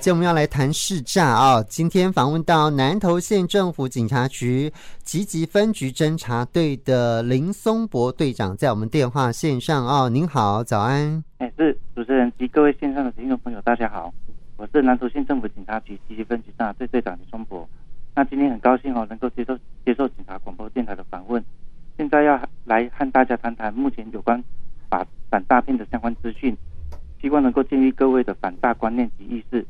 今天我們要來談識詐啊、哦！今天訪問到南投縣政府警察局集集分局偵查隊的林松柏隊長，在我們電話線上啊、哦，您好，早安！哎、欸，是主持人及各位線上的聽眾朋友，大家好，我是南投縣政府警察局集集分局偵查隊，隊隊長林松柏。那今天很高興哦，能夠接受接受警察廣播電台的訪問，現在要來和大家談談目前有關反反詐騙的相關資訊，希望能夠建立各位的反詐觀念及意識。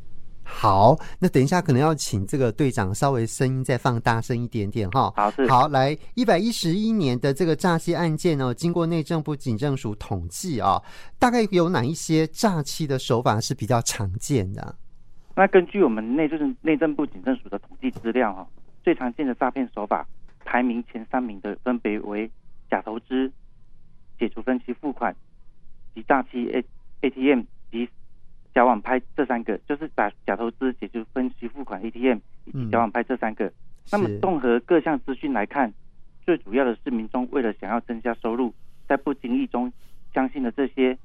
好，那等一下可能要請這個隊長稍微聲音再放大聲一點點哈。好，是。好，來，一百一十一年的這個詐欺案件呢、哦，經過內政部警政署統計啊、哦，大概有哪一些詐欺的手法是比較常見的？那根據我們內政內政部警政署的統計資料哦，最常見的詐騙手法排名前三名的分別為假投資、解除分期付款及詐欺 A A T M 及。假網拍這三個就是假假投資，解除分期付款 ATM、以及假網拍這三個。嗯、那麼綜合各項資訊來看，最主要的是民眾，為了想要增加收入，在不經意中相信了這些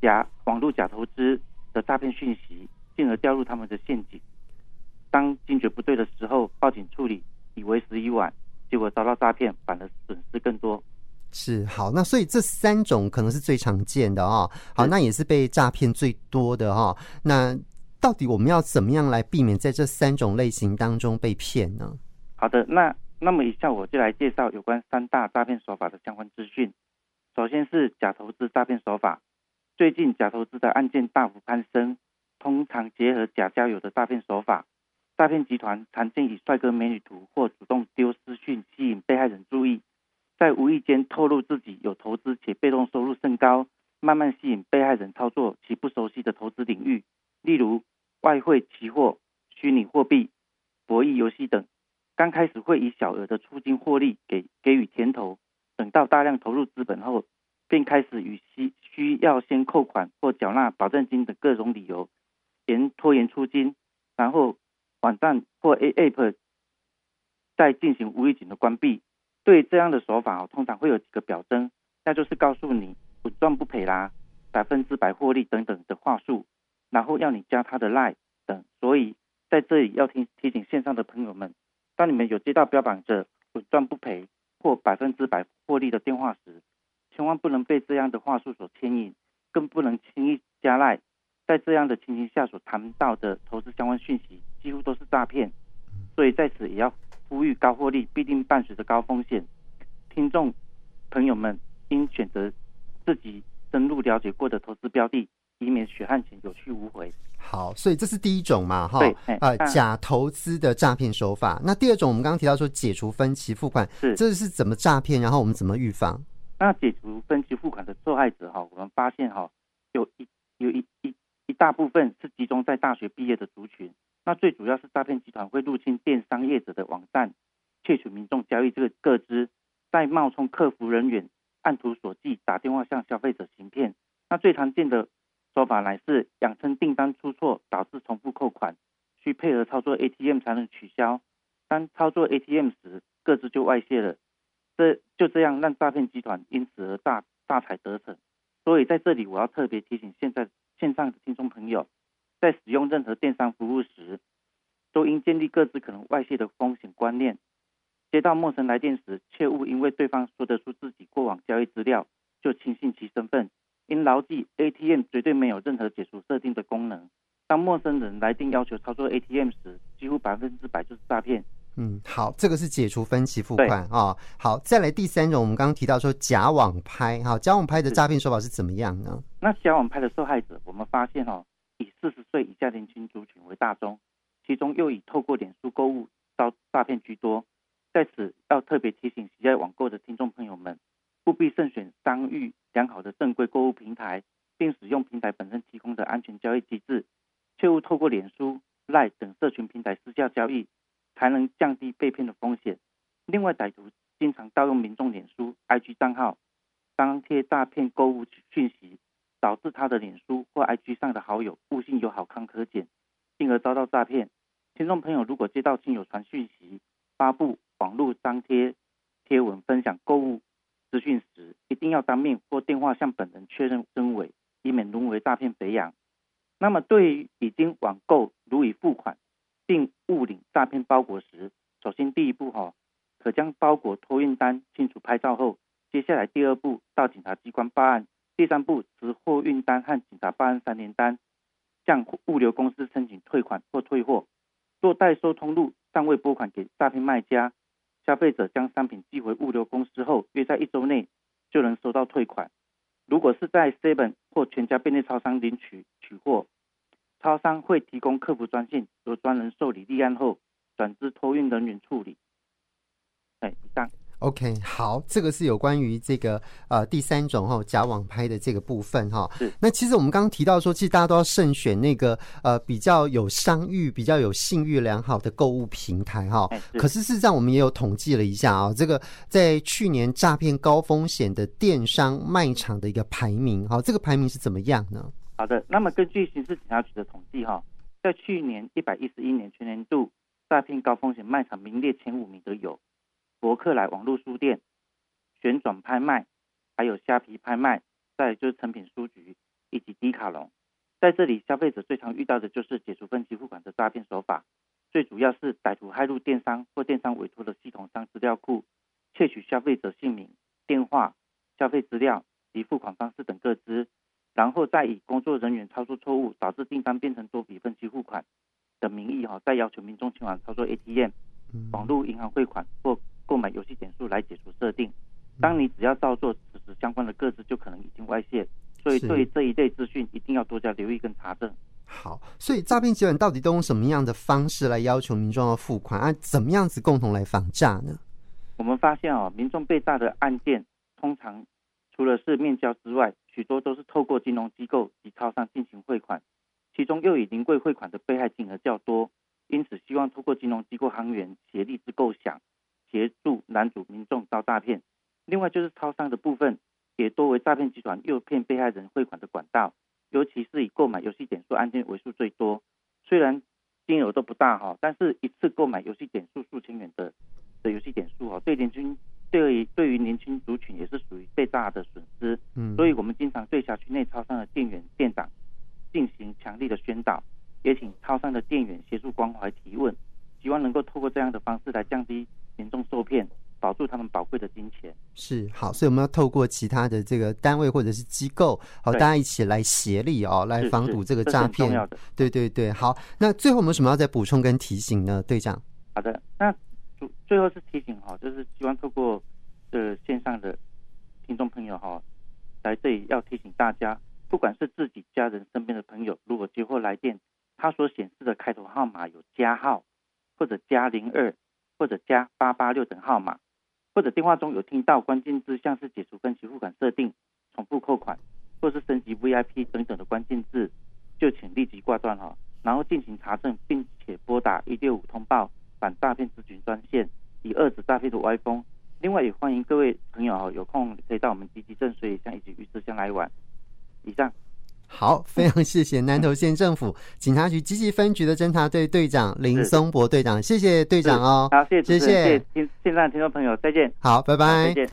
假網絡假投資的詐騙訊息，進而掉入他們的陷阱。當驚覺不對的時候報警處理，已為時已晚，結果遭到詐騙，反而損失更多。是好，那所以這三種可能是最常見的啊、哦，好，那也是被詐騙最多的哈、哦。那到底我們要怎麼樣來避免在這三種類型當中被騙呢？好的，那那麼以下我就來介紹有關三大詐騙手法的相關資訊。首先是假投資詐騙手法，最近假投資的案件大幅攀升，通常結合假交友的詐騙手法，詐騙集團常見以帥哥美女圖或主動丟私訊吸引被害人注意。在無意間透露自己有投資且被動收入甚高，慢慢吸引被害人操作其不熟悉的投資領域，例如外匯、期貨、虛擬貨幣、博弈遊戲等。剛開始會以小額的出金獲利給給予甜頭，等到大量投入資本後，便開始與需需要先扣款或繳納保證金的各種理由先拖延出金，然後網站或 App 再進行無預警的關閉。對這樣的手法，通常會有幾個表徵，那就是告訴你穩賺不賠啦，百分之百獲利等等的話術，然後要你加他的 line 等。所以在這裡要提提醒線上的朋友們，當你們有接到標榜着穩賺不賠或百分之百獲利的電話時，千萬不能被這樣的話術所牽引，更不能輕易加 line。在這樣的情形下所談到的投資相關訊息，幾乎都是詐騙。所以在此也要。呼籲高獲利必定伴隨着高風險，聽眾朋友們應選擇自己深入了解過的投資標的，以免血汗錢有去無回。好，所以這是第一種嘛，哈、哦，對、呃，假投資的詐騙手法。那第二種，我們剛剛提到說解除分期付款，是，這是怎麼詐騙？然後我們怎麼預防？那解除分期付款的受害者哈，我們發現哈，有一有一一一大部分是集中在大學畢業的族群。那最主要是詐騙集團會入侵電商業者的網站，竊取民眾交易這個個資，再冒充客服人員，按圖索驥打電話向消費者行騙。那最常見的說法乃是，謊稱訂單出錯，導致重複扣款，需配合操作 ATM 才能取消。當操作 ATM 時，個資就外泄了，這就這樣讓詐騙集團因此而大大財得逞。所以在這裡，我要特別提醒現在線上的聽眾朋友。在使用任何電商服務時，都應建立個資可能外泄的風險觀念。接到陌生來電時，切勿因為對方說得出自己過往交易資料，就輕信其身份。應牢記 ATM 絕對沒有任何解除設定的功能。當陌生人來電要求操作 ATM 時，幾乎百分之百就是詐騙。嗯，好，這個是解除分期付款啊、哦。好，再來第三種，我們剛剛提到說假網拍哈，假網拍的詐騙手法是怎麼樣呢？那假網拍的受害者，我們發現哈、哦。以四十歲以下年輕族群為大宗，其中又以透過臉書購物遭詐騙居多。在此要特別提醒喜愛網購的聽眾朋友們，務必慎選商譽良好的正規購物平台，並使用平台本身提供的安全交易機制，切勿透過臉書、LINE 等社群平台私下交易，才能降低被騙的風險。另外，歹徒經常盜用民眾臉書、IG 賬號，張貼詐騙購物訊息。導致他的臉書或 IG 上的好友誤信，有好康可撿，進而遭到詐騙。聽眾朋友，如果接到親友傳訊息、發布網絡張貼貼文分享購物資訊時，一定要當面或電話向本人確認真偽，以免淪為詐騙肥羊。那麼，對於已經網購、如已付款並誤領詐騙包裹時，首先第一步哈、哦，可將包裹托運單清楚拍照後，接下來第二步到警察機關報案。第三步，持貨運單和警察報案三聯單，向物流公司申請退款或退貨。若代收通路尚未撥款給詐騙賣家，消費者將商品寄回物流公司後，約在一周內就能收到退款。如果是在 Seven 或全家便利超商領取取貨，超商會提供客服專線，由專人受理立案後轉至托運人員處理。哎，以上。OK，好，這個是有關於這個呃第三種哈、哦、假網拍的這個部分哈、哦。是。那其實我們剛剛提到說，其實大家都要慎選那個呃比較有商譽、比較有信譽良好的購物平台哈、哦哎。是。可是，事實上，我們也有統計了一下啊、哦，這個在去年詐騙高風險的電商賣場的一個排名哈、哦，這個排名是怎麼樣呢？好的，那麼根據刑事警察局的統計哈、哦，在去年一百一十一年全年度詐騙高風險賣場名列前五名都有。博客來網絡書店、旋轉拍賣、還有蝦皮拍賣，再就是誠品書局以及迪卡儂，在這裡，消費者最常遇到的就是解除分期付款的詐騙手法。最主要是歹徒駭入電商或電商委託的系統商資料庫，竊取消費者姓名、電話、消費資料及付款方式等個資，然後再以工作人員操作錯誤，導致訂單變成多筆分期付款的名義哈，再要求民眾前往操作 ATM 網絡銀行匯款或購買遊戲點數來解除設定，當你只要照做，此時相關的個資就可能已經外洩。所以對於這一類資訊一定要多加留意跟查證。好，所以詐騙集團到底都用什麼樣的方式來要求民眾要付款？按、啊、怎麼樣子共同來防詐呢？我們發現哦，民眾被詐的案件通常除了是面交之外，許多都是透過金融機構及超商進行匯款，其中又以臨櫃匯款的被害金額較多。因此，希望透過金融機構行員協力之構想。協助攔阻民眾遭詐騙，另外就是超商的部分，也多為詐騙集團誘騙被害人匯款的管道，尤其是以購買遊戲點數案件為數最多。雖然金額都不大哈，但是一次購買遊戲點數數千元的的遊戲點數哈，對年輕對於對於年輕族群也是屬於最大的損失，嗯。所以我們經常對轄區內超商的店員店長進行強力的宣導，也請超商的店員協助關懷提問，希望能夠透過這樣的方式來降低。嚴重受騙，保住他們寶貴的金錢。是好，所以我們要透過其他的這個單位或者是機構，好、哦、大家一起來協力哦，來防堵這個詐騙。對對對，好。那最後我們什麼要再補充跟提醒呢，隊長？好的，那主最後是提醒哈、哦，就是希望透過呃線上的聽眾朋友哈、哦，來這裡要提醒大家，不管是自己家人、身邊的朋友，如果接獲來電，他所顯示的開頭號碼有加號或者加零二。或者加八八六等號碼，或者電話中有聽到關鍵字像是解除分期付款設定、重複扣款，或是升級 VIP 等等的關鍵字，就請立即掛斷哈，然後進行查證，並且撥打一六五通報反詐騙諮詢專線，以遏制詐騙的歪風。另外也歡迎各位朋友有空可以到我們集集鎮、水里鄉以及魚池鄉來玩。以上。好，非常謝謝南投縣政府警察局集集分局的偵查隊隊長林松柏隊長，謝謝隊長哦，好，謝謝，哦、謝謝，現在聽眾朋友再見，好，拜拜，再見。